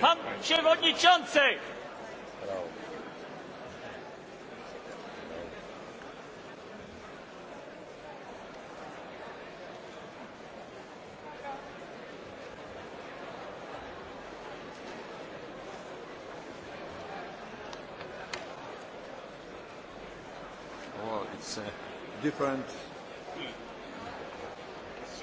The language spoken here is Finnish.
Pan przewodniczący! Oh, different